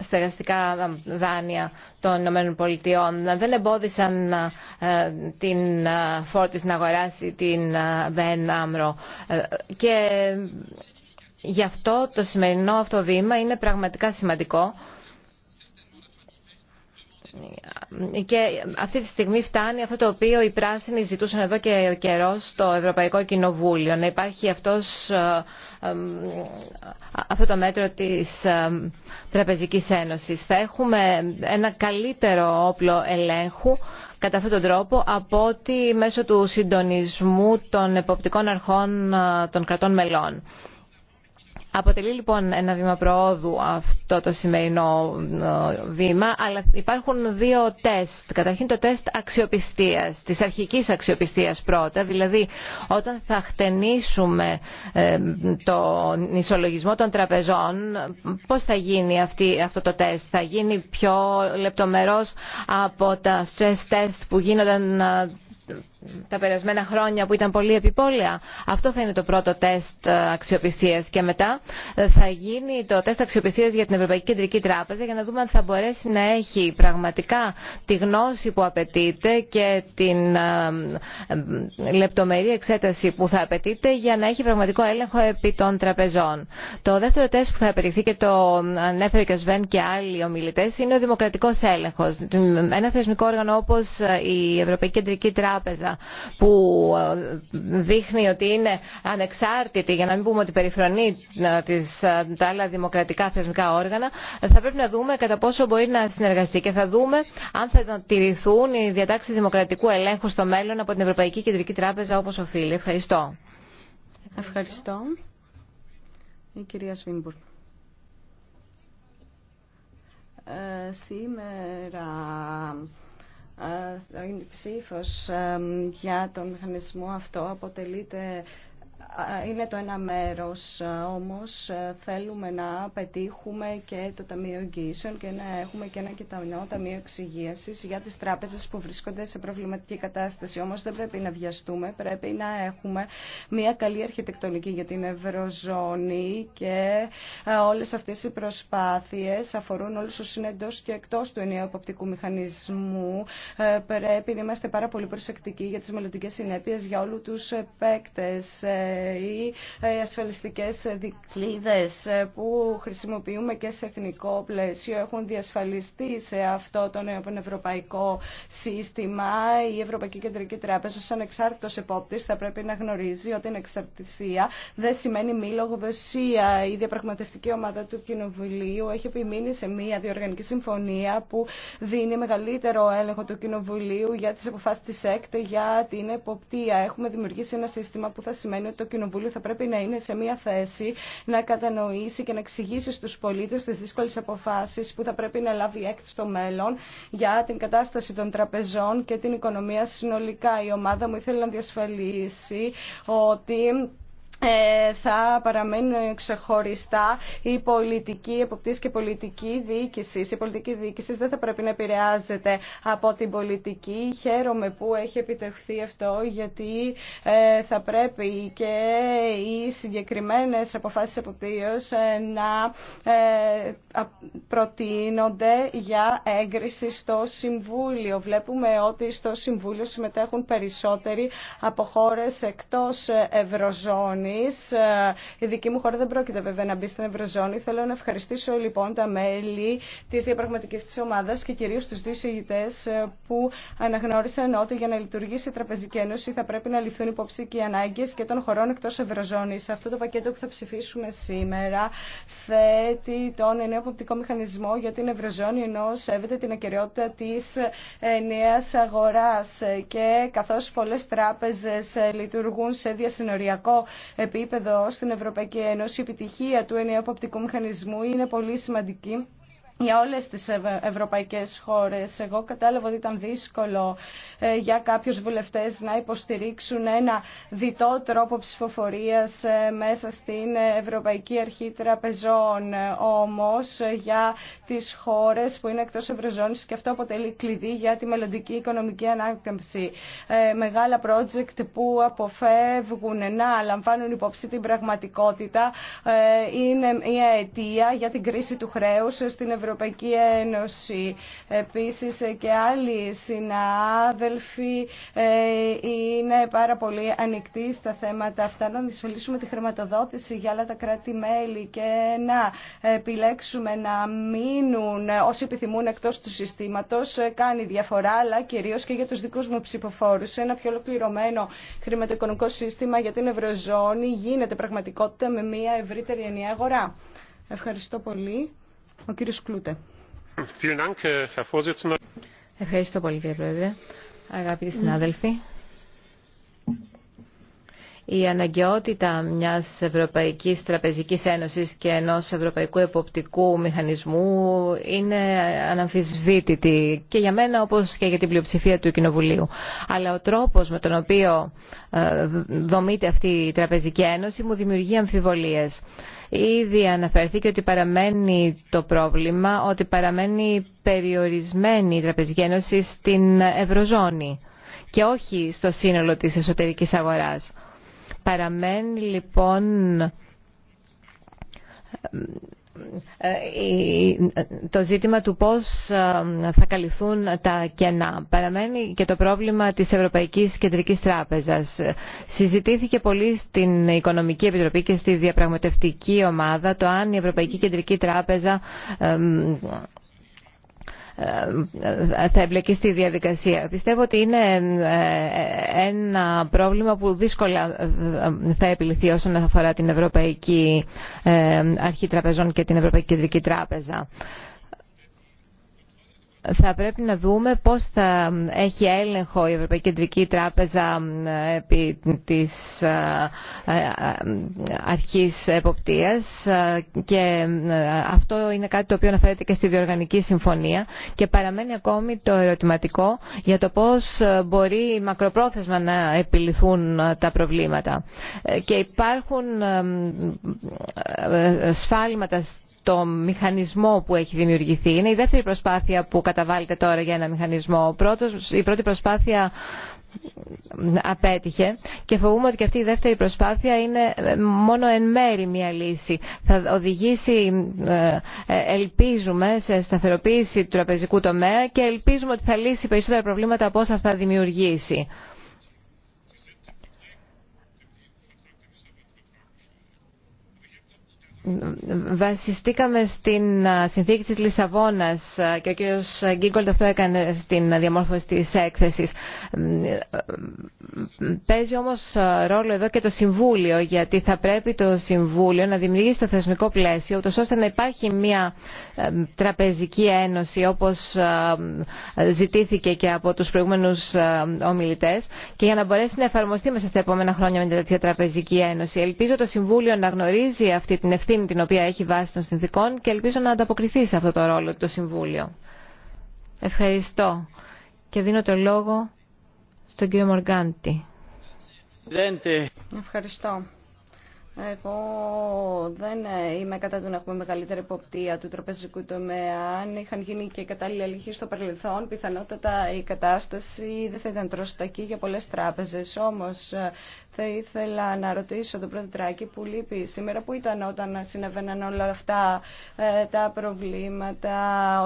στεγαστικά δάνεια των ΗΠΑ. Δεν εμπόδισαν την Φόρτις να αγοράσει την Μπεν Άμρο. Και γι' αυτό το σημερινό αυτό βήμα είναι πραγματικά σημαντικό και αυτή τη στιγμή φτάνει αυτό το οποίο οι πράσινοι ζητούσαν εδώ και καιρό στο Ευρωπαϊκό Κοινοβούλιο. Να υπάρχει αυτός, ε, ε, αυτό το μέτρο της ε, Τραπεζικής Ένωσης. Θα έχουμε ένα καλύτερο όπλο ελέγχου κατά αυτόν τον τρόπο από ότι μέσω του συντονισμού των εποπτικών αρχών των κρατών μελών. Αποτελεί λοιπόν ένα βήμα προόδου αυτό το σημερινό ε, βήμα, αλλά υπάρχουν δύο τεστ. Καταρχήν το τεστ αξιοπιστίας, της αρχικής αξιοπιστίας πρώτα, δηλαδή όταν θα χτενίσουμε ε, τον ισολογισμό των τραπεζών, πώς θα γίνει αυτή, αυτό το τεστ. Θα γίνει πιο λεπτομερός από τα stress test που γίνονταν ε, τα περασμένα χρόνια που ήταν πολύ επιπόλαια. Αυτό θα είναι το πρώτο τεστ ε, αξιοπιστίας και μετά ε, θα γίνει το τεστ αξιοπιστίας για την Ευρωπαϊκή Κεντρική Τράπεζα για να δούμε αν θα μπορέσει να έχει πραγματικά τη γνώση που απαιτείται και την ε, λεπτομερή εξέταση που θα απαιτείται για να έχει πραγματικό έλεγχο επί των τραπεζών. Το δεύτερο τεστ που θα απαιτηθεί και το ανέφερε και ο Σβέν και άλλοι ομιλητέ είναι ο δημοκρατικός έλεγχος. Ένα θεσμικό όργανο όπως η Ευρωπαϊκή Κεντρική Τράπεζα που ε, δείχνει ότι είναι ανεξάρτητη, για να μην πούμε ότι περιφρονεί ε, τις, ε, τα άλλα δημοκρατικά θεσμικά όργανα, θα πρέπει να δούμε κατά πόσο μπορεί να συνεργαστεί και θα δούμε αν θα τηρηθούν οι διατάξεις δημοκρατικού ελέγχου στο μέλλον από την Ευρωπαϊκή Κεντρική Τράπεζα όπως οφείλει. Ευχαριστώ. Ευχαριστώ. Η κυρία Σβίμπουρ. Ε, σήμερα η ε, ψήφος ε, για τον μηχανισμό αυτό αποτελείται είναι το ένα μέρος, ε, όμως ε, θέλουμε να πετύχουμε και το Ταμείο Εγγύσεων και να έχουμε και ένα κοιτανό Ταμείο Εξυγίασης για τις τράπεζες που βρίσκονται σε προβληματική κατάσταση. Όμως δεν πρέπει να βιαστούμε, πρέπει να έχουμε μια καλή αρχιτεκτονική για την Ευρωζώνη και ε, όλες αυτές οι προσπάθειες αφορούν όλους όσους είναι και εκτός του ενιαίου αποπτικού μηχανισμού. Πρέπει να είμαστε πάρα πολύ προσεκτικοί για τις μελλοντικές συνέπειες για όλους τους παίκτες οι ε, ασφαλιστικές δικλίδες ε, που χρησιμοποιούμε και σε εθνικό πλαίσιο έχουν διασφαλιστεί σε αυτό το νέο ευρωπαϊκό σύστημα. Η Ευρωπαϊκή Κεντρική Τράπεζα ως ανεξάρτητος επόπτης θα πρέπει να γνωρίζει ότι η ανεξαρτησία δεν σημαίνει μη λογοδοσία. Η διαπραγματευτική ομάδα του Κοινοβουλίου έχει επιμείνει σε μια διοργανική συμφωνία που δίνει μεγαλύτερο έλεγχο του Κοινοβουλίου για τις αποφάσεις της ΕΚΤ για την εποπτεία. Έχουμε δημιουργήσει ένα σύστημα που θα σημαίνει ότι το Κοινοβούλιο θα πρέπει να είναι σε μια θέση να κατανοήσει και να εξηγήσει στους πολίτες τις δύσκολες αποφάσεις που θα πρέπει να λάβει έκτη στο μέλλον για την κατάσταση των τραπεζών και την οικονομία συνολικά. Η ομάδα μου ήθελε να διασφαλίσει ότι ε, θα παραμένουν ξεχωριστά η πολιτική εποπτεία και πολιτική διοίκηση. Η πολιτική διοίκηση δεν θα πρέπει να επηρεάζεται από την πολιτική. Χαίρομαι που έχει επιτευχθεί αυτό, γιατί ε, θα πρέπει και οι συγκεκριμένε αποφάσει εποπτεία ε, να προτείνονται για έγκριση στο Συμβούλιο. Βλέπουμε ότι στο Συμβούλιο συμμετέχουν περισσότεροι από χώρε εκτό Ευρωζώνη εμεί. Ε, η δική μου χώρα δεν πρόκειται βέβαια να μπει στην Ευρωζώνη. Θέλω να ευχαριστήσω λοιπόν τα μέλη τη διαπραγματική τη ομάδα και κυρίω του δύο συγητέ ε, που αναγνώρισαν ότι για να λειτουργήσει η Τραπεζική Ένωση θα πρέπει να ληφθούν υπόψη και οι ανάγκε και των χωρών εκτό Ευρωζώνη. Αυτό το πακέτο που θα ψηφίσουμε σήμερα θέτει τον νέο αποπτικό μηχανισμό για την Ευρωζώνη ενώ σέβεται την ακαιρεότητα τη ε, νέα αγορά. και καθώ πολλέ τράπεζε λειτουργούν σε διασυνοριακό επίπεδο στην Ευρωπαϊκή Ένωση, η επιτυχία του ενιαίου αποπτικού μηχανισμού είναι πολύ σημαντική για όλες τις ευρωπαϊκές χώρες. Εγώ κατάλαβα ότι ήταν δύσκολο ε, για κάποιους βουλευτές να υποστηρίξουν ένα διτό τρόπο ψηφοφορίας ε, μέσα στην Ευρωπαϊκή Αρχή Τραπεζών. Όμως ε, για τις χώρες που είναι εκτός Ευρωζώνης και αυτό αποτελεί κλειδί για τη μελλοντική οικονομική ανάκαμψη. Μεγάλα project που αποφεύγουν να λαμβάνουν υπόψη την πραγματικότητα είναι μια αιτία για την κρίση του χρέους στην Ευρωπαϊκή Ευρωπαϊκή Ένωση. Επίσης και άλλοι συνάδελφοι ε, είναι πάρα πολύ ανοιχτοί στα θέματα αυτά. Να δυσφαλίσουμε τη χρηματοδότηση για άλλα τα κράτη-μέλη και να επιλέξουμε να μείνουν όσοι επιθυμούν εκτός του συστήματος κάνει διαφορά, αλλά κυρίως και για τους δικούς μου ψηφοφόρους. Ένα πιο ολοκληρωμένο χρηματοοικονομικό σύστημα για την Ευρωζώνη γίνεται πραγματικότητα με μια ευρύτερη ενιαία αγορά. Ευχαριστώ πολύ. Äh, Ευχαριστώ πολύ κύριε Πρόεδρε. Αγαπητοί συνάδελφοι, η αναγκαιότητα μιας Ευρωπαϊκής Τραπεζικής Ένωσης και ενός Ευρωπαϊκού Εποπτικού Μηχανισμού είναι αναμφισβήτητη και για μένα όπως και για την πλειοψηφία του Κοινοβουλίου. Αλλά ο τρόπος με τον οποίο ε, δομείται αυτή η Τραπεζική Ένωση μου δημιουργεί αμφιβολίες. Ήδη αναφέρθηκε ότι παραμένει το πρόβλημα, ότι παραμένει περιορισμένη η τραπεζική στην Ευρωζώνη και όχι στο σύνολο της εσωτερικής αγοράς. Παραμένει λοιπόν ε, το ζήτημα του πώς ε, θα καλυφθούν τα κενά. Παραμένει και το πρόβλημα της Ευρωπαϊκής Κεντρικής Τράπεζας. Συζητήθηκε πολύ στην Οικονομική Επιτροπή και στη Διαπραγματευτική Ομάδα το αν η Ευρωπαϊκή Κεντρική Τράπεζα ε, ε, ε, θα εμπλεκεί στη διαδικασία. Πιστεύω ότι είναι ε, ένα πρόβλημα που δύσκολα θα επιληθεί όσον αφορά την Ευρωπαϊκή Αρχή Τραπεζών και την Ευρωπαϊκή Κεντρική Τράπεζα θα πρέπει να δούμε πώς θα έχει έλεγχο η Ευρωπαϊκή Κεντρική Τράπεζα επί της ε, ε, αρχής εποπτείας και αυτό είναι κάτι το οποίο αναφέρεται και στη Διοργανική Συμφωνία και παραμένει ακόμη το ερωτηματικό για το πώς μπορεί μακροπρόθεσμα να επιληθούν τα προβλήματα. Ε, και υπάρχουν σφάλματα το μηχανισμό που έχει δημιουργηθεί. Είναι η δεύτερη προσπάθεια που καταβάλλεται τώρα για ένα μηχανισμό. Πρώτος, η πρώτη προσπάθεια απέτυχε και φοβούμαι ότι και αυτή η δεύτερη προσπάθεια είναι ε, μόνο εν μέρη μια λύση. Θα οδηγήσει, ε, ε, ελπίζουμε, σε σταθεροποίηση του τραπεζικού τομέα και ελπίζουμε ότι θα λύσει περισσότερα προβλήματα από όσα θα δημιουργήσει. βασιστήκαμε στην συνθήκη της Λισαβόνας και ο κύριος Γκίγκολτ αυτό έκανε στην διαμόρφωση της έκθεσης. Παίζει όμως ρόλο εδώ και το Συμβούλιο γιατί θα πρέπει το Συμβούλιο να δημιουργήσει το θεσμικό πλαίσιο ούτως ώστε να υπάρχει μια τραπεζική ένωση όπως ζητήθηκε και από τους προηγούμενους ομιλητές και για να μπορέσει να εφαρμοστεί μέσα στα επόμενα χρόνια μια τέτοια τραπεζική ένωση. Ελπίζω το Συμβούλιο να γνωρίζει αυτή την ευθύνη την οποία έχει βάσει των συνθήκων και ελπίζω να ανταποκριθεί σε αυτό το ρόλο το Συμβούλιο. Ευχαριστώ και δίνω το λόγο στον κύριο Μοργάντη. Ευχαριστώ. Εγώ δεν είμαι κατά του να έχουμε μεγαλύτερη υποπτία του τροπεζικού τομέα. Αν είχαν γίνει και κατάλληλοι αλήθεια στο παρελθόν, πιθανότατα η κατάσταση δεν θα ήταν τροστακή για πολλές τράπεζες. Όμως θα ήθελα να ρωτήσω τον πρόεδρο Τράκη που λείπει σήμερα, που ήταν όταν συνέβαιναν όλα αυτά ε, τα προβλήματα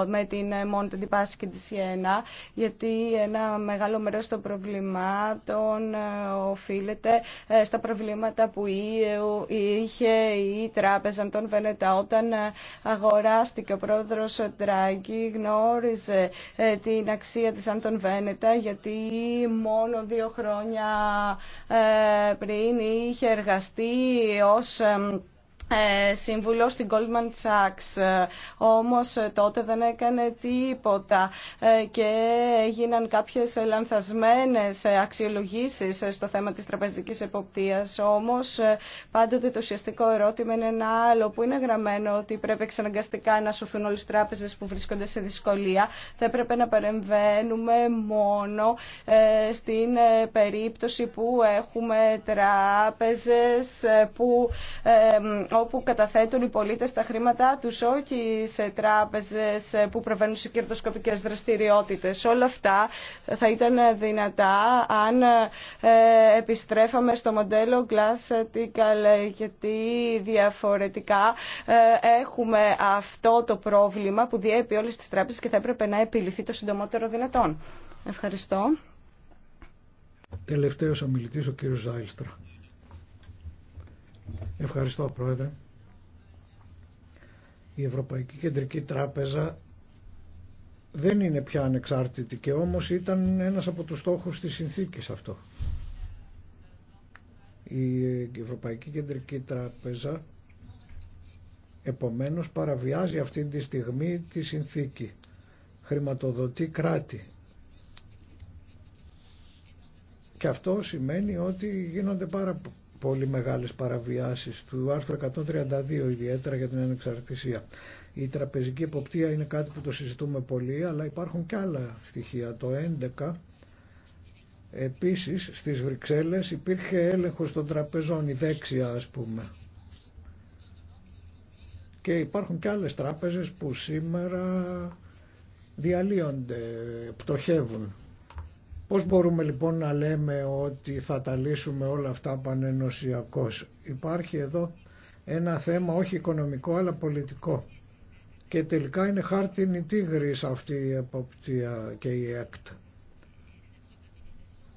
με την ε, μόνη την Ντιπάση και τη Σιένα, γιατί ένα μεγάλο μέρος των προβλημάτων ε, οφείλεται στα προβλήματα που είχε η τράπεζα των Βενετά. Όταν αγοράστηκε ο πρόεδρος Τράκη γνώριζε την αξία της Αντων Βένετα, γιατί μόνο δύο χρόνια πριν είχε εργαστεί ως ε, σύμβουλο στην Goldman Sachs. Ε, όμως ε, τότε δεν έκανε τίποτα και έγιναν κάποιες λανθασμένες αξιολογήσεις στο θέμα της τραπεζικής εποπτείας. Όμως πάντοτε το ουσιαστικό ερώτημα είναι ένα άλλο που είναι γραμμένο ότι πρέπει εξαναγκαστικά να σωθούν όλες τις τράπεζες που βρίσκονται σε δυσκολία. Θα πρέπει να παρεμβαίνουμε μόνο στην περίπτωση που έχουμε τράπεζες που που καταθέτουν οι πολίτες τα χρήματά τους, όχι σε τράπεζες που προβαίνουν σε κερδοσκοπικές δραστηριότητες. Όλα αυτά θα ήταν δυνατά αν ε, επιστρέφαμε στο μοντέλο classical, γιατί διαφορετικά ε, έχουμε αυτό το πρόβλημα που διέπει όλες τις τράπεζες και θα έπρεπε να επιληθεί το συντομότερο δυνατόν. Ευχαριστώ. Τελευταίος ομιλητής ο κύριος Ζάιλστρα. Ευχαριστώ Πρόεδρε. Η Ευρωπαϊκή Κεντρική Τράπεζα δεν είναι πια ανεξάρτητη και όμως ήταν ένας από τους στόχους της συνθήκης αυτό. Η Ευρωπαϊκή Κεντρική Τράπεζα επομένως παραβιάζει αυτή τη στιγμή τη συνθήκη. Χρηματοδοτεί κράτη. Και αυτό σημαίνει ότι γίνονται πάρα πολύ μεγάλες παραβιάσεις του άρθρου 132 ιδιαίτερα για την ανεξαρτησία. Η τραπεζική εποπτεία είναι κάτι που το συζητούμε πολύ αλλά υπάρχουν και άλλα στοιχεία. Το 11 επίσης στις Βρυξέλλες υπήρχε έλεγχος των τραπεζών, η δέξια ας πούμε. Και υπάρχουν και άλλες τράπεζες που σήμερα διαλύονται, πτωχεύουν. Πώς μπορούμε λοιπόν να λέμε ότι θα τα λύσουμε όλα αυτά πανενωσιακώς. Υπάρχει εδώ ένα θέμα όχι οικονομικό αλλά πολιτικό. Και τελικά είναι χάρτινη τίγρης αυτή η εποπτεία και η ΕΚΤ.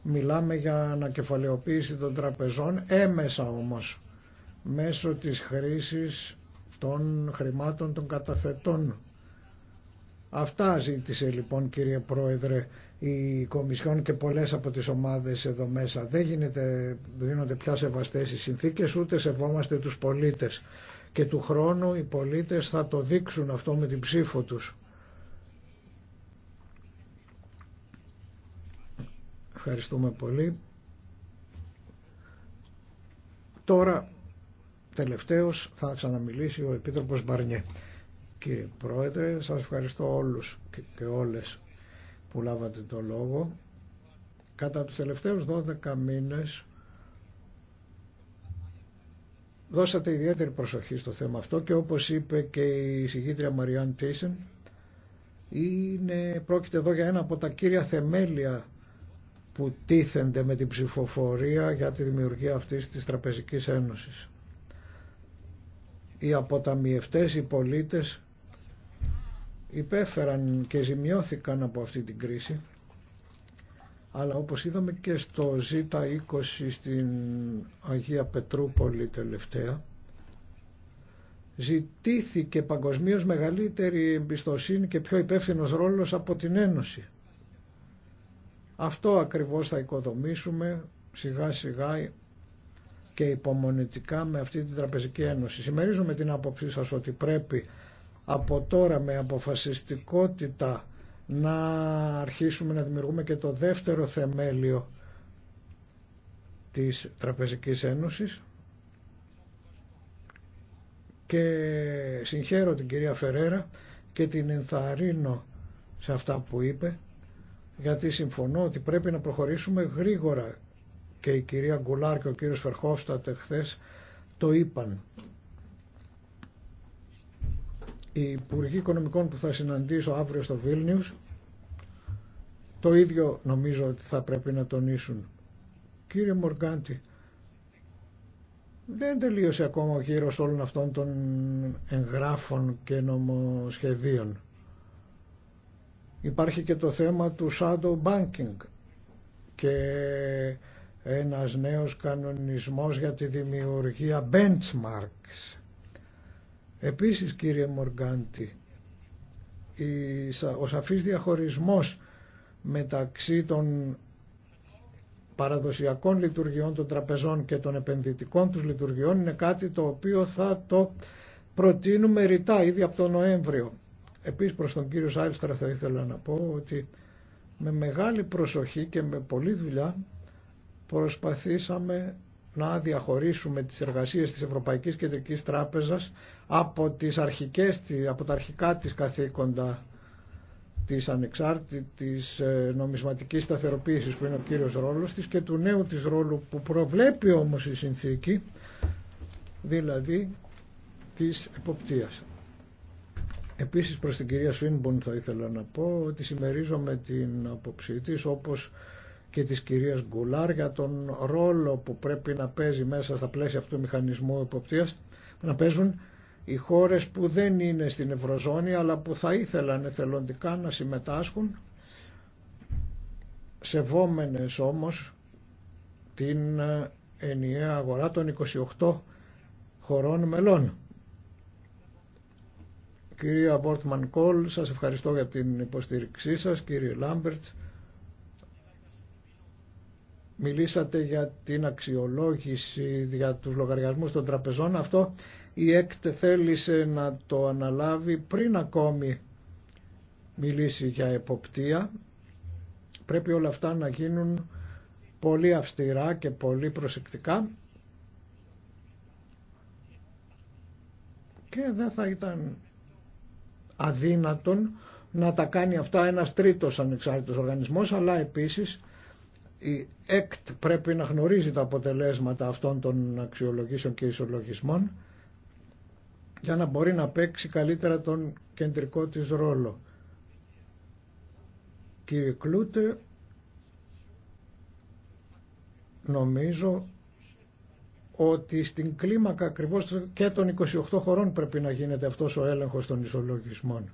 Μιλάμε για ανακεφαλαιοποίηση των τραπεζών έμεσα όμως μέσω της χρήσης των χρημάτων των καταθετών Αυτά ζήτησε λοιπόν κύριε Πρόεδρε η Κομισιόν και πολλές από τις ομάδες εδώ μέσα. Δεν γίνεται, γίνονται πια σεβαστές οι συνθήκες ούτε σεβόμαστε τους πολίτες. Και του χρόνου οι πολίτες θα το δείξουν αυτό με την ψήφο τους. Ευχαριστούμε πολύ. Τώρα τελευταίος θα ξαναμιλήσει ο Επίτροπος Μπαρνιέ κύριε Πρόεδρε. Σας ευχαριστώ όλους και όλες που λάβατε το λόγο. Κατά τους τελευταίους 12 μήνες δώσατε ιδιαίτερη προσοχή στο θέμα αυτό και όπως είπε και η συγγήτρια Μαριάν Τίσεν είναι, πρόκειται εδώ για ένα από τα κύρια θεμέλια που τίθενται με την ψηφοφορία για τη δημιουργία αυτής της Τραπεζικής Ένωσης. Οι αποταμιευτές, οι πολίτες υπέφεραν και ζημιώθηκαν από αυτή την κρίση αλλά όπως είδαμε και στο Z20 στην Αγία Πετρούπολη τελευταία ζητήθηκε παγκοσμίως μεγαλύτερη εμπιστοσύνη και πιο υπεύθυνος ρόλος από την Ένωση. Αυτό ακριβώς θα οικοδομήσουμε σιγά σιγά και υπομονητικά με αυτή την Τραπεζική Ένωση. Συμμερίζουμε την άποψή σας ότι πρέπει από τώρα με αποφασιστικότητα να αρχίσουμε να δημιουργούμε και το δεύτερο θεμέλιο της Τραπεζικής Ένωσης και συγχαίρω την κυρία Φερέρα και την ενθαρρύνω σε αυτά που είπε γιατί συμφωνώ ότι πρέπει να προχωρήσουμε γρήγορα και η κυρία Γκουλάρ και ο κύριος Φερχόφστατ χθε το είπαν οι Υπουργοί Οικονομικών που θα συναντήσω αύριο στο Βίλνιους το ίδιο νομίζω ότι θα πρέπει να τονίσουν. Κύριε Μοργκάντη, δεν τελείωσε ακόμα ο γύρος όλων αυτών των εγγράφων και νομοσχεδίων. Υπάρχει και το θέμα του shadow banking και ένας νέος κανονισμός για τη δημιουργία benchmarks Επίσης κύριε Μοργκάντη, ο σαφής διαχωρισμός μεταξύ των παραδοσιακών λειτουργιών των τραπεζών και των επενδυτικών τους λειτουργιών είναι κάτι το οποίο θα το προτείνουμε ρητά ήδη από τον Νοέμβριο. Επίσης προς τον κύριο Σάριστρα θα ήθελα να πω ότι με μεγάλη προσοχή και με πολλή δουλειά προσπαθήσαμε να διαχωρίσουμε τις εργασίες της Ευρωπαϊκής Κεντρικής Τράπεζας από, τις αρχικές, από τα αρχικά της καθήκοντα της ανεξάρτητης ε, νομισματικής σταθεροποίησης που είναι ο κύριος ρόλος της και του νέου της ρόλου που προβλέπει όμως η συνθήκη δηλαδή της εποπτείας. Επίσης προς την κυρία Σουίνμπον θα ήθελα να πω ότι συμμερίζομαι την απόψή της όπως και της κυρίας Γκουλάρ για τον ρόλο που πρέπει να παίζει μέσα στα πλαίσια αυτού του μηχανισμού εποπτείας να παίζουν οι χώρες που δεν είναι στην Ευρωζώνη αλλά που θα ήθελαν εθελοντικά να συμμετάσχουν σεβόμενες όμως την ε, ενιαία αγορά των 28 χωρών μελών. Κυρία Βόρτμαν Κόλ, σας ευχαριστώ για την υποστήριξή σας. Κύριε Λάμπερτς, μιλήσατε για την αξιολόγηση για τους λογαριασμούς των τραπεζών. Αυτό η ΕΚΤ θέλησε να το αναλάβει πριν ακόμη μιλήσει για εποπτεία. Πρέπει όλα αυτά να γίνουν πολύ αυστηρά και πολύ προσεκτικά και δεν θα ήταν αδύνατον να τα κάνει αυτά ένας τρίτος ανεξάρτητος οργανισμός αλλά επίσης η ΕΚΤ πρέπει να γνωρίζει τα αποτελέσματα αυτών των αξιολογήσεων και ισολογισμών για να μπορεί να παίξει καλύτερα τον κεντρικό της ρόλο. Κύριε Κλούτε, νομίζω ότι στην κλίμακα ακριβώς και των 28 χωρών πρέπει να γίνεται αυτός ο έλεγχος των ισολογισμών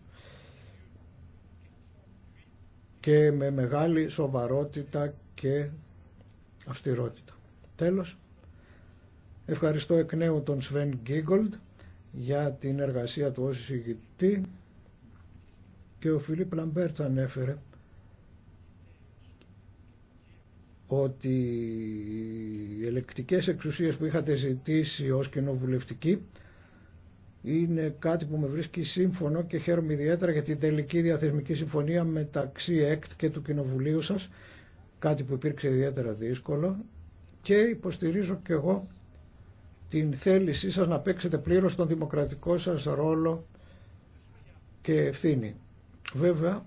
και με μεγάλη σοβαρότητα και αυστηρότητα. Τέλος, ευχαριστώ εκ νέου τον Σβέν Γκίγκολντ για την εργασία του ως εισηγητή και ο Φιλίπ Λαμπέρτ ανέφερε ότι οι ελεκτικές εξουσίες που είχατε ζητήσει ως κοινοβουλευτική είναι κάτι που με βρίσκει σύμφωνο και χαίρομαι ιδιαίτερα για την τελική διαθεσμική συμφωνία μεταξύ ΕΚΤ και του Κοινοβουλίου σας, κάτι που υπήρξε ιδιαίτερα δύσκολο και υποστηρίζω και εγώ την θέλησή σας να παίξετε πλήρως τον δημοκρατικό σας ρόλο και ευθύνη. Βέβαια,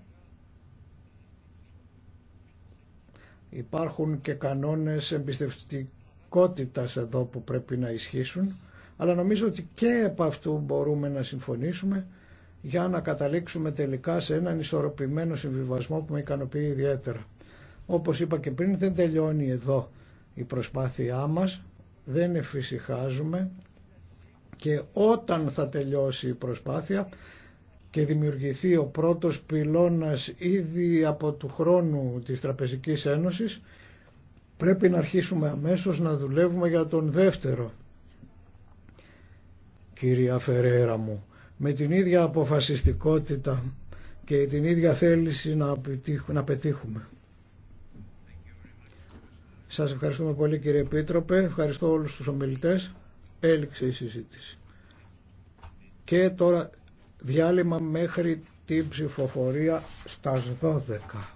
υπάρχουν και κανόνες εμπιστευτικότητας εδώ που πρέπει να ισχύσουν, αλλά νομίζω ότι και από αυτού μπορούμε να συμφωνήσουμε για να καταλήξουμε τελικά σε έναν ισορροπημένο συμβιβασμό που με ικανοποιεί ιδιαίτερα. Όπως είπα και πριν δεν τελειώνει εδώ η προσπάθειά μας, δεν εφησυχάζουμε και όταν θα τελειώσει η προσπάθεια και δημιουργηθεί ο πρώτος πυλώνας ήδη από του χρόνου της Τραπεζικής Ένωσης πρέπει να αρχίσουμε αμέσως να δουλεύουμε για τον δεύτερο κυρία Φερέρα μου με την ίδια αποφασιστικότητα και την ίδια θέληση να πετύχουμε. Σας ευχαριστούμε πολύ κύριε Επίτροπε, ευχαριστώ όλους τους ομιλητές. Έληξε η συζήτηση. Και τώρα διάλειμμα μέχρι την ψηφοφορία στις 12.